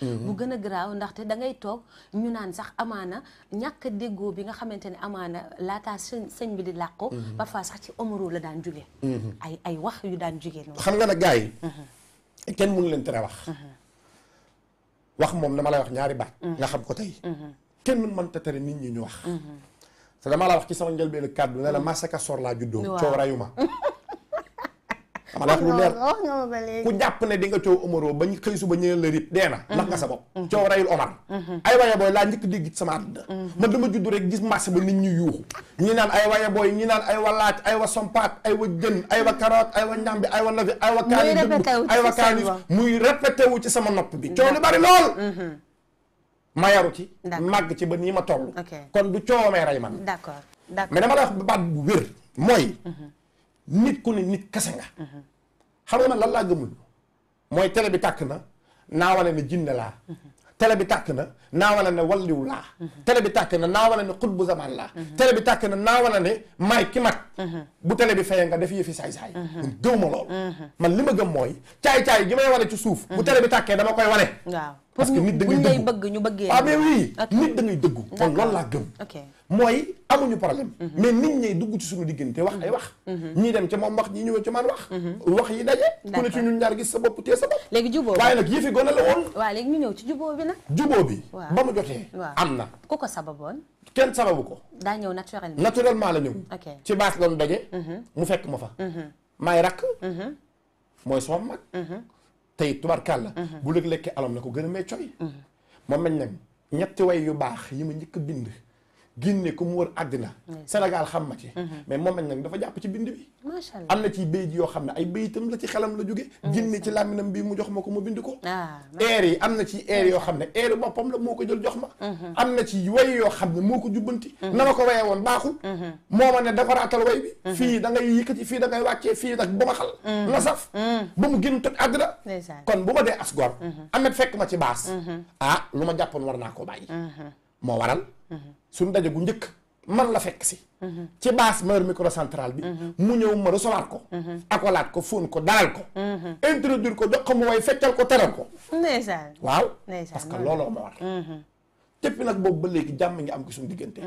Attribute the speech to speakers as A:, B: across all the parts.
A: Mm-hmm. bu gën a garaaw ndaxte da ngay toog ñu naan sax amaana ñàkk déggoo bi nga xamante ni amaana laataa sëñ sëñ bi di làqu mm-hmm. parfois sax ci omoro la daan jugee mm-hmm. ay wax yu daan jugee noonu xam
B: nga nag gars yi kenn mënu leen tere wax wax moom dama lay wax ñaari baat nga xam ko tey kenn mënta tere nit ñi ñu wax te dama la wax ci sama njëlbeen kàddu ne la masaka sor laa juddoo coow ma xam nga lu oh, leer oh, oh, ku jàpp ne di nga coow Omaro ba ñu xëy suba ñëwee la rip dee na mm-hmm. ndax nga sa bopp mm-hmm. coow rayul Omar mm-hmm. ay waaye booy laa njëkk dégg sama àdduna man dama judd rek gis marché ba nit ñu yuuxu ñi naan ay waaye booy ñi naan ay wa laaj ay wa sompaat ay wa jën ay wa karoot ay wa njambi ay wa nafi wa kaani dëgg ay wa kaani muy répété ci sama nopp bi coow li bari lool ma yaru ci màgg ci ba nii ma toll kon du coowamee ray man
A: d'accord mais dama la wax
B: baat bu wér mooy nit ku ne nit kese nga. Mhm. xam nga man laa gëmul mooy tele bi tàkk na naa wane ne jinne laa. Mhm. télé bi tàkk na naa wane ne walliw laa. Mhm. télé bi tàkk na naa wane ne xutbu zaman laa. télé bi tàkk na naa wane ne maay ki mag. bu télé bi fayee nga def yëfi saay-saay. gëw ma lool. man li ma gëm mooy caay-caay gi may wane ci suuf. bu télé bi tàkkee dama koy wane. waaw parce que nit da ngay dëggu bëgg ñu bëggee ah mais da ngay dëggu kon laa gëm mooy amuñu problème mhm. mais nit ñay dugg ci suñu diggante wax ay mhm. wax mhm. ñii dem ca moom wax ñii ñëw ca man wax wax yi daje ku ne ci ñun ñaar gis sa bopp tee sa bopp léegi juboo waaye nag yëfi gone la woon
A: waaw léegi ñu ñëw ci juboo bi nag
B: juboo bi ba mu jotee am na
A: ku ko sababoon
B: kenn sababu ko
A: daa ñëw naturellement
B: naturellement la ñëw ci baas la ñu daje mu fekk ma fa maay rakk mooy sama mag tey tubarkàlla. bu lëg lekkee alom na ko gën a may coy. moom lañ nag ñetti way yu baax yi ma njëkk a bind. Guinée ku mu wër àddina Sénégal xam ma ci mm-hmm. mais moom lañ nag dafa jàpp ci bind bi
A: macha allah am na
B: ci bayit yoo xam ne ay bayitam la ci xelam la jóge mm-hmm. Guinée ci làmminam bi mu jox ma ko ma bind ko ah, air yi am na ci air yoo xam ne air boppam la moo ko jël jox ma mm-hmm. am na ci way yoo xam ne moo ko jubbanti na ma ko waye woon baaxul moo ma ne dafaraatal way bi fii da ngay yëkkati fii da ngay wàccee fii nag ba ma xal na saf ba mu génn toj àddina kon bu ma dee as gor amet fekk ma ci baas ah lu ma jàppoon war naa ko bàyyi moo waral suñu daje gu njëkk man la fekk si ci baas meur microcentral bi mu ñëw ma recevoir ko akolaat ko fóon ko dalal ko introduire ko jox ko mu way feccal ko teral ko waaw parce que looloo ma war mm-hmm. téppi nag boobu ba léegi jàmm ngi am ki suñu diggante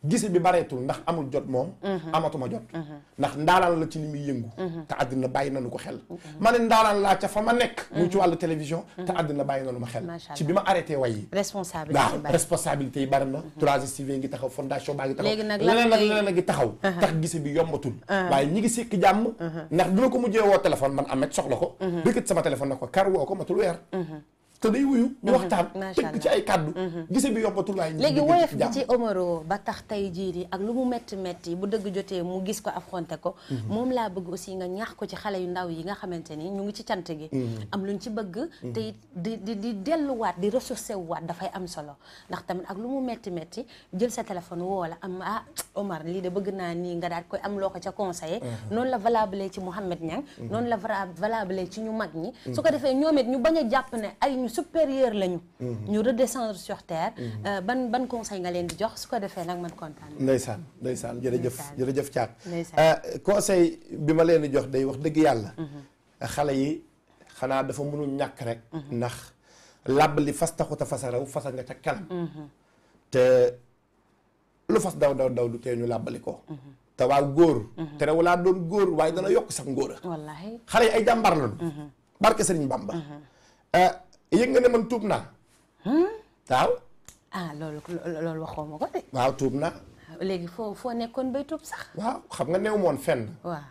B: gise bi bareetul ndax amul jot moom mhm. amatuma jot mhm. ndax ndaalaan la ci li muy yëngu mhm. te àddina bàyyi nanu ko xel ma ne ndaalaan laa ca fa ma nekk muy ci wàllu télévision te àddina bàyyi nanu ma xel ci bi ma arrêté way yi
A: waaw
B: responsabilité yi bari na 3STV ngi taxaw fondation baa ngi taxaw leneen ak leneen a ngi taxaw tax gise bi yombatul waaye ñi ngi sikki jàmm ndax dina ko mujjee woo téléphone man amet soxla ko bëkkat sama téléphone na ko k woo ko matul weer te day wuyu ñu mhm. waxtaan tënk ci ay kàddu mhm. gise bi yombatul laay
A: tax tey jii nii ak lu mu métti métti bu dëgg jotee mu gis ko affronté ko mhm. moom laa bëgg aussi nga ñaax ko ci xale yu ndaw yi nga xamante ni ñu ngi ci cant gi am luñ ci bëgg te di di di delluwaat di ressourcé waat dafay am solo ndax ak lu mu métti métti jël sa téléphone woo la am ah Omar lii de bëgg naa nii nga daal koy am loo ko ca conseillé noonu la valable ci Mouhamed Niang noonu la valable ci ñu mag ñi su ko defee ñoom ñu bañ a jàpp ne ay ñu supérieur lañu. Mhm. ñu redescendre sur terre. Mhm. Euh, ban ban conseil nga leen di jox su ko defee nag man kontaan.
B: ndeysaan ndeysaan jërëjëf jërëjëf Thiat. Euh, conseil bi ma leen di jox day wax dëgg yàlla. Mhm. xale yi xanaa dafa mënul ñàkk rek. ndax làbb li fas taxut a fasaraw a nga ca kanam. te lu fas daw daw daw du tee ñu làbbali ko. te waa góor te rew laa doon góor waaye dana yokk sax ngóora xale yi ay jàmbaar lañu barke sëriñ Bamba euh, yëg nga ne man tuub naa. Hmm? waaw.
A: ah loolu loolu waxoo ma ko
B: de. waaw tuub naa.
A: Ah, léegi foo foo nekkoon bay tuub sax.
B: waaw xam nga néew moon fenn. waaw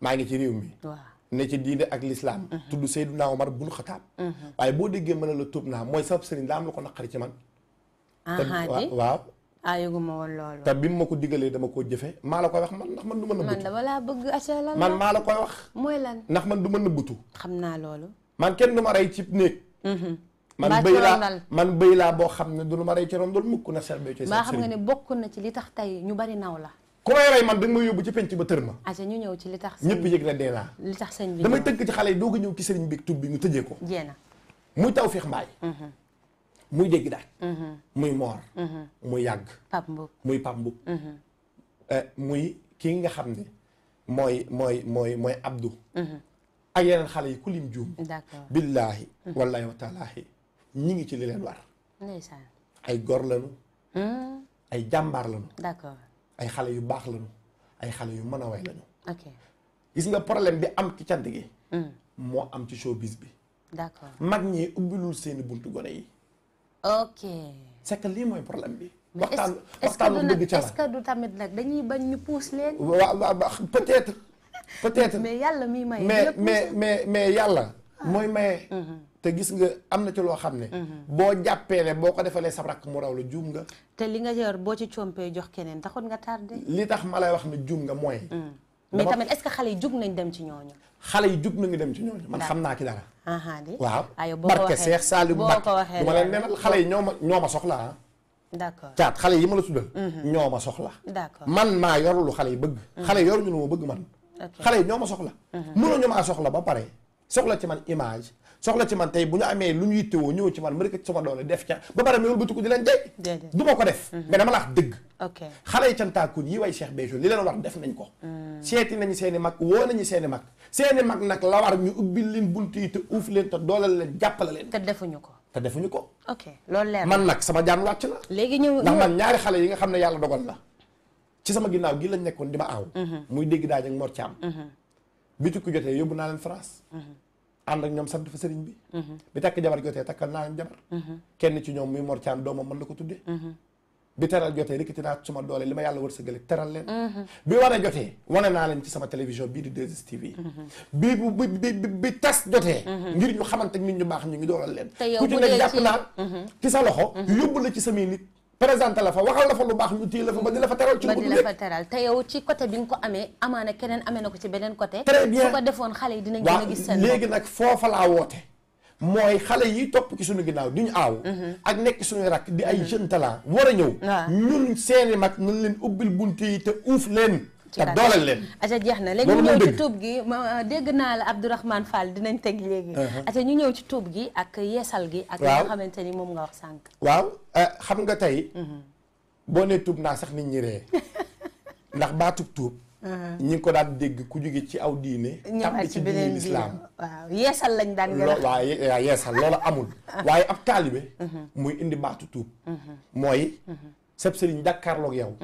B: maa ngi ci réew mi. waaw ne ci diine ak lislaam hmm. tudd Seydina Omar bun Xataab. Hmm. waaye boo déggee man a la tuub naa mooy sab sëriñ daa am lu ko naqari ci man.
A: Ah, te waaw. ah yëgu ma
B: bi mu ma ko digalee dama koo jëfe maa la koy wax man ndax man du man
A: dama laa bëgg man maa la koy wax. mooy lan
B: ndax man du ma nëbbutu. xam naa loolu. man kenn du ma rey ci néeg Mhm. man bëy laa man bëy laa boo xam ne du lu ma rey ci ron dool mukk na seet bi xam nga ne
A: bokk na ci li tax tey ñu bari naw la
B: ku may rey man dañ ma yóbbu ci penc ba tër ma
A: aca ñu ñëw ci li tax ñëpp
B: yëg na dee naa
A: li tax sëñ bi damay tënk
B: ci xale yi dooga ñëw ci sëriñ bi tub bi ñu tëjee ko jéena muy Tawfekh Mbaye mhm. muy dégg daal mhm. muy moor muy yàgg Pape Mboup muy Pape Mboup eh, muy kii nga xam ne mooy mooy mooy mooy ay yeneen xale yi ku lim juum. d'accord billaahi. Mm. wallaahi wa taalaahi ñi ngi ci li leen war. ndeysaan ay gor lañu. Hmm. ay jàmbaar lañu. d'accord ay xale yu baax lañu ay xale yu mën a way lañu. ok gis nga problème bi am ci cant gi. Hmm. moo am ci showbiz bi. d'accord mag ñi ubbilul seeni buntu gone yi. ok c'est lii mooy problème bi. waxtaan waxtaan dëgg ca la est-ce que du
A: dañuy bañ ñu pousse leen. waaw
B: waaw peut peut-être
A: mais yàlla mi maye. mais mais
B: mais mais yàlla. Ah. mooy maye. Mhm. te gis nga am na ci loo xam ne. Mhm. boo jàppee le boo ko defalee sa rakk mu raw la juum nga. te li nga yor boo ci compee jox keneen taxoon nga tardé. li tax ma lay wax ne juum nga mooy. Mhm. mais tamit est-ce xale yi jug nañ dem ci ñooñu. xale yi jug nañu dem ci ñooñu man xam naa ci dara.
A: waaw barke Seex Saaliu Mbàkke du ma leen nenal xale
B: yi ma ñoo ma soxla ah. d'accord xale yi ma la tuddal. ñoo ma soxla. d'accord man maa yorulu xale yi bëgg. xale yoruñu lu ma bëgg man. xale yi ñoo ma soxla. Mhm. mënoo ñu maa soxla ba pare soxla ci man image soxla ci man tey bu ñu amee lu ñu yittewoo ñëw ci man ma rek sama doole def ca ba pare meewul bëtuko di leen dey du ko def mhm. mais dama la wax xale yi cantaakun yi way Cheikh Béthio li leen war def nañ ko mhm. seeti nañu seen i mag woo nañu seen i mag seen i nag la ñu ubbi leen bunt yi leen te dooleel leen jàppale leen te defuñu ko defuñu ko ok loolu man nag sama jaan wàcc na
A: léegi ñëw ndax man ñaari xale yi nga xam
B: ne yàlla dogal la ci sama ginnaaw gi lañ nekkoon di ma aaw. Mhm. muy dégg daaj ak Mor Thiam. Mhm. bi tukki jotee yóbbu naa leen France. Mhm. ànd ak ñoom sant fa sëriñ bi. bi takk jabar jotee takkal naa leen jabar. kenn ci ñoom muy Mor Thiam doomam bi di 2STV bi bi bi bi tas jotee ngir ñu xamante nit ñu baax ñu ngi doolal leen ku ci ne jàpp naa ci sa loxo yóbbu la ci samay nit présenté la fa waxal la fa lu baax ñu téye la fa ba di la fa teral ci ba di la fa
A: teral te yow ci côté bi nga ko amee amaana keneen amee na ko ci beneen côté très bien su léegi
B: nag foofa laa woote mooy xale yi topp ci suñu ginnaaw di ñu aaw mhm. ak nekk suñuy rakk di ay mhm. jeune talent war a ñëw ñun seeni mag nañ leen ubbil bunte yi te uuf leen ci rajo dooleel leen
A: aca jeex na léegi ñu ñëw ci tuub gi dégg naa la Abdourahmane Fall dinañ teg léegi uh-huh. aca ñu ñëw ci tuub gi ak yeesal gi ak nga xamante moom nga wax sànq
B: waaw eh, xam nga tey mm-hmm. boo tuub naa sax nit ñi ndax baatub tuub uh-huh. ñi ngi ko daan dégg ku jóge ci aw diine tàmbi ci diine lislaam
A: waaw lañ daan gën waaw
B: waaw yeesal loolu amul waaye ab taalibe mm-hmm. muy indi baatu tuub mm-hmm. mooy sab sëriñ jàkkaarloog yow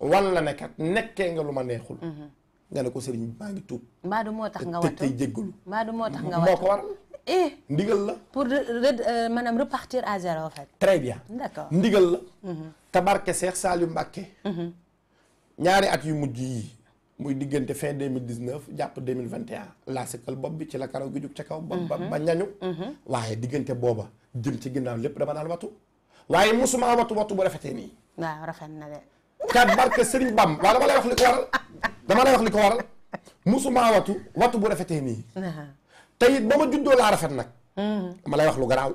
B: wan la ne kat nekkee nga lu ma neexul. Mhm. nga ne ko sëriñ maa ngi tuub.
A: mbaa du moo tax nga
B: wattu tey jéggalu.
A: mbaa du moo tax nga wattu
B: la. pour
A: re euh, maanaam repartir à zéro en fait.
B: très bien ndigal la. Mhm. tabarke Seex Saaliu Mbàkke. Mhm. ñaari at yu mujj yi muy diggante fin deux mille dix neuf jàpp deux mille vingt et laa sëkkal bopp bi ci la karaw gi jug ca kaw. ba ba ñañu. waaye diggante booba jëm ci ginnaaw lépp dama daan watu. waaye mosuma watu watu bu rafetee nii.
A: waaw rafet na de.
B: kat barke Serigne Bam waaw dama lay wax li ko waral wax li ko waral musuma watu watu bu rafetee nii. te it ba ma juddoo laa rafet nag. Mm-hmm. ma lay wax lu garaaw.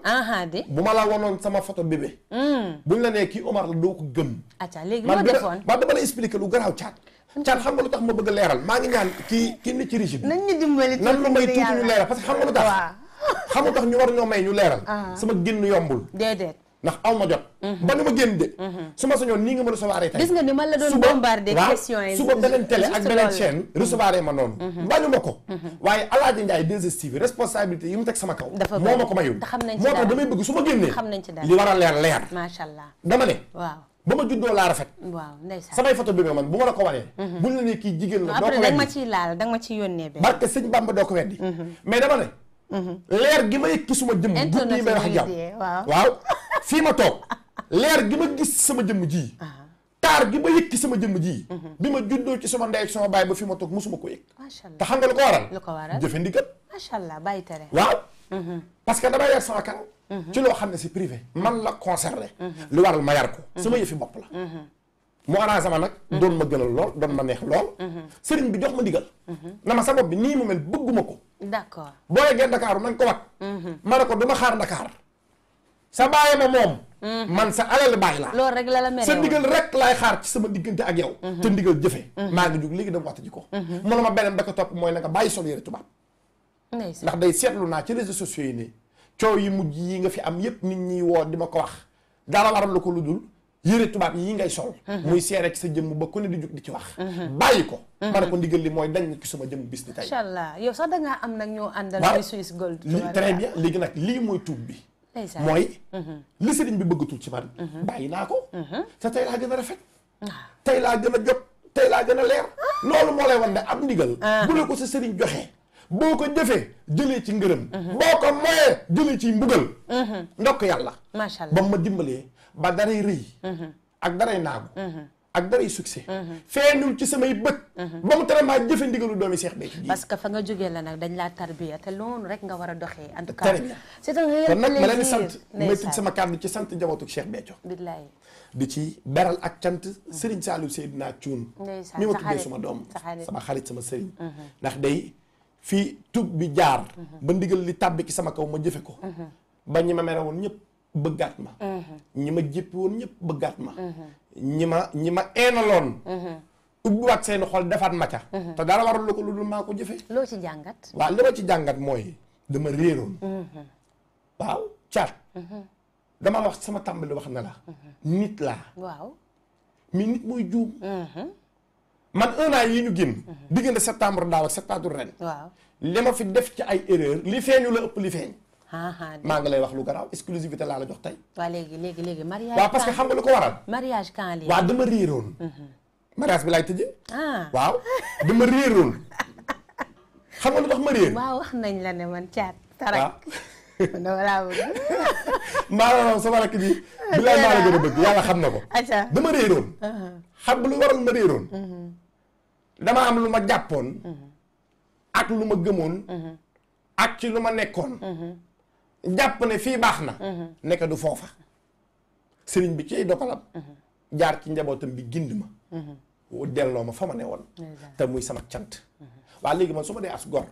B: bu ma la wanoon sama photo bébé. Mm. buñ la nee kii Omar la doo ko gëm.
A: atiwa léegi loo defoon man
B: dama la expliquer lu garaaw caat. caat xam nga lu tax ma bëgg a leeral maa ngi ñaan kii kii nit ci ñu
A: dimbali tuuti may tuuti ñu leeral parce que
B: xam nga tax. xam ñu war ñoo may ñu leeral. sama génn yombul. déedéet. ndax aw ma jot. Mhm. ba nu ma génn de. Mhm. su ma sañoon nii nga ma recevoir tey. gis
A: ma beneen télé ak beneen chaîne. Mhm.
B: recevoir ma noonu. bañu ko. waaye Alaaji Ndiaye 2 responsabilité yi mu teg sama kaw. dafa moo ma ko moo tax damay bëgg su ma génnee. li war a leer leer. dama ne. ba ma juddoo laa rafet. samay photo bi man bu ma la ko wanee. buñ la ne jigéen la. doo ko weddi mais dama ne. leer gi ma yëg ci suma jëmm. internationalisé waaw fii ma toog leer gi ma gis sama jëmm ji. Ah. taar gi ma yëg ci sama jëm ji. Mhm. bi ma juddoo ci sama ndey ak sama baay ba fi ma toog musuma ko yëg.
A: te xam nga lu ko waral. lu ko waral jëfe ndigal. macha allah bàyyi tere.
B: waaw. Mhm. parce que damay yar sama kan. Mhm. ci loo xam ne si privé. man la concerné. lu waral ma yar ko. sama yëfi bopp la. mu arrangé ma nag. doon ma gënal lool doon ma neex lool. sëriñ bi jox ma ndigal. na ma sa bopp bi nii mu mel bëgguma ko. d'accord boo yeggee Dakar nañ ko wat. ma ne ko du ma xaar Dakar. sa bàyyi ma moom. Mm. man sa alal bàyyi laa. loolu
A: rek la la mere sa ndigal rek
B: laay xaar ci sama diggante ak yow. Mm-hmm. te ndigal jëfe mm-hmm. maa ngi jóg léegi dama waxta ji ko. Mm-hmm. ma beneen da ko topp mooy na nga bàyyi sol yëre tubaab. ndax day seetlu naa ci réseaux sociaux yi nii coow yi mujj yi nga fi am yépp nit ñi woo di ko wax dara waral ko lu dul yëre tubaab yi ngay sol muy seere ci sa jëmm ba ku ne di jug di ci wax bàyyi ko ma ne ko ndigal mooy dañ sama jëmm bis ni tey incha
A: allah yow sax dangaa am nag ñoo àndal muy Swiss Gold très
B: léegi nag lii mooy tuub bi
A: mooy mhm.
B: li sëriñ bi bëggatul ci man mhm. bàyyi naa ko mhm. te tey laa gën a rafet ah. tey laa gën a jot tey laa gën a leer ah. loolu moo lay wan ne am ndigal ah. bu ko sa sëriñ joxee boo ko jëfee jëlee ci ngërëm boo ko moyee jëlee ci mbugal ndokk yàlla
A: macha allah ba ma
B: dimbalee ba daray rëy ak daray naagu ak daray succès. Mhm. feeñul ci samay bët. Mhm. ba mu tere maa jëfe ndigalu doomi Cheikh Béthio ji. parce que fa nga jógee la
A: nag dañ laa tarbiya te loolu rek nga war a doxee. en tout cas c'est un réel plaisir kon nag ma leen sant may tëj sama
B: kàddu ci sant njabootu Cheikh Béthio. billaay di ci beral ak sant Serigne Saliou Seydina Thioune.
A: ndeysaan mi ma tuddee suma doom sama xarit
B: sama Serigne. Mhm. ndax day fii tub bi jaar. ba ndigal li tàbbi ci sama kaw ma jëfe ko. bañ ñi ma mere woon ñëpp. bëggaat ma uh-huh. ñi ma jéppi woon ñëpp bëggaat ma uh-huh. ñi ma ñi ma eenaloon uh-huh. ubbiwaat seen xol defaat ma ca te dara warul lu ko lu dul maa ko jëfe loo ci jàngat waaw li ma ci jàngat mooy dama réeroon waaw caat dama wax sama tàmbali wax na nit laa waaw mais nit mooy juum man un yi ñu génn diggante septembre daa ak septembre ren li ma fi def ci ay erreur li feeñu la ëpp li feeñ
A: Ah, ah, maa
B: nga lay wax lu garaaw exclusivité laa la jox tey.
A: waaw léegi léegi léegi mariage. waaw parce ko waral. mariage quand léegi waaw dama réeroon.
B: Mhm. mariage bi laay tëjee. Ah. waaw dama réeroon. xam nga lu tax ma réer.
A: nañ la ne man caat. tarak waaw.
B: maanaam sama rakk bi. a bëgg yàlla xam na ko. acca dama réeroon. Uh-huh. xam nga ma mhm. dama am lu ma jàppoon. Mhm. ak lu ma gëmoon. ak ci lu ma nekkoon. jàpp ne fii baax na mhm. nekk du foofa sëriñ bi ciy dogalam mhm. jaar ci njabootam bi gind ma mhm. delloo ma fa ma ne woon te muy sama cant waa léegi man su ma dee as gor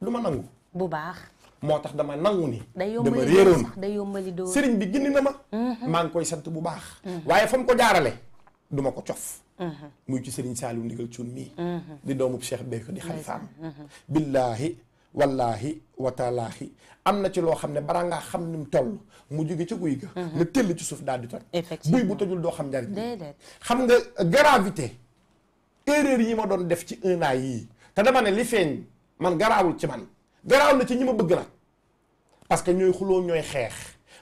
B: lu ma nangu bu baax moo tax dama nangu ni
A: dama réeroon day yombali doo sëriñ
B: bi gindi na ma maa ngi koy sant bu baax waaye fa mu ko jaarale du ma ko cof muy ci sëriñ Saliou ndigal cuun mii di doomub Cheikh Béthio di xalifaam billaahi wallaahi wataalaahi am na ci loo xam ne balaa ngaa xam ni mu toll mu jóge ca guy ga mhm. ne tëll ci suuf daal di toj buy bu tojul doo xam njariñ xam nga gravité erreur yi ma doon def ci un yi yii te dama ne li feeñ man garaawul ci man garaaw na ci ñi ma bëgg nag parce que ñooy xuloo ñooy xeex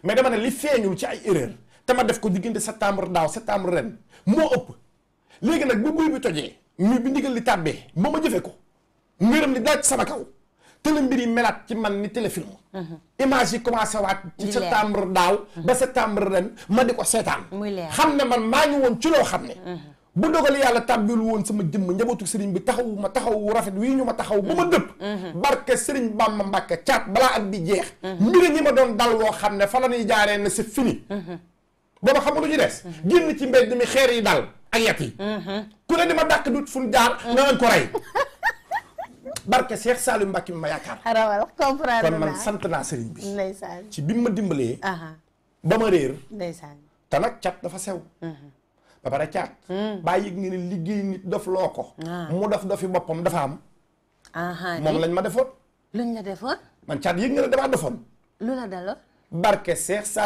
B: mais dama ne li feeñul ci ay erreur te ma def ko diggante septembre daaw septembre ren moo ëpp léegi nag bu buy bi tojee mi bi ndigal li tàbbee ba ma jëfe ko ngërëm li daaj sama te la mbir yi melaat ci man ni téléfilm mhm. image yi commencé waat ci septembre daaw mhm. ba septembre ren ma di ko seetaan xam ne man maa ngi woon ci loo xam ne mhm. bu dogal yàlla tàbbil woon sama jëmm njabootu sëriñ bi taxawu ma taxawu rafet wii ñu ma taxaw ba ma dëpp barke sëriñ Bamba Mbàkke caat balaa ak bi jeex mbir ñi ma doon dal loo xam ne fa la ñuy jaaree ne c'est fini booba xam ñu des génn ci mbedd mi xeer yi dal ak yat yi ku ne di ma dàq dut fu ñu jaar na ko rey barke Cheikh Saliou Mbacke mi ma yaakaar.
A: kon man sant
B: naa sëriñ bi. ci bi ma dimbalee. ba ma réer. ndeysaan te cat dafa sew. Mhm. ba pare caat. Hmm. bàyyi nga ne liggéey nit dof loo ko. Ah. mu dof dofi boppam dafa am.
A: moom lañ ma defoon.
B: luñ la defoon. man caat yëg nga ne damaa defoon. lu la daloon.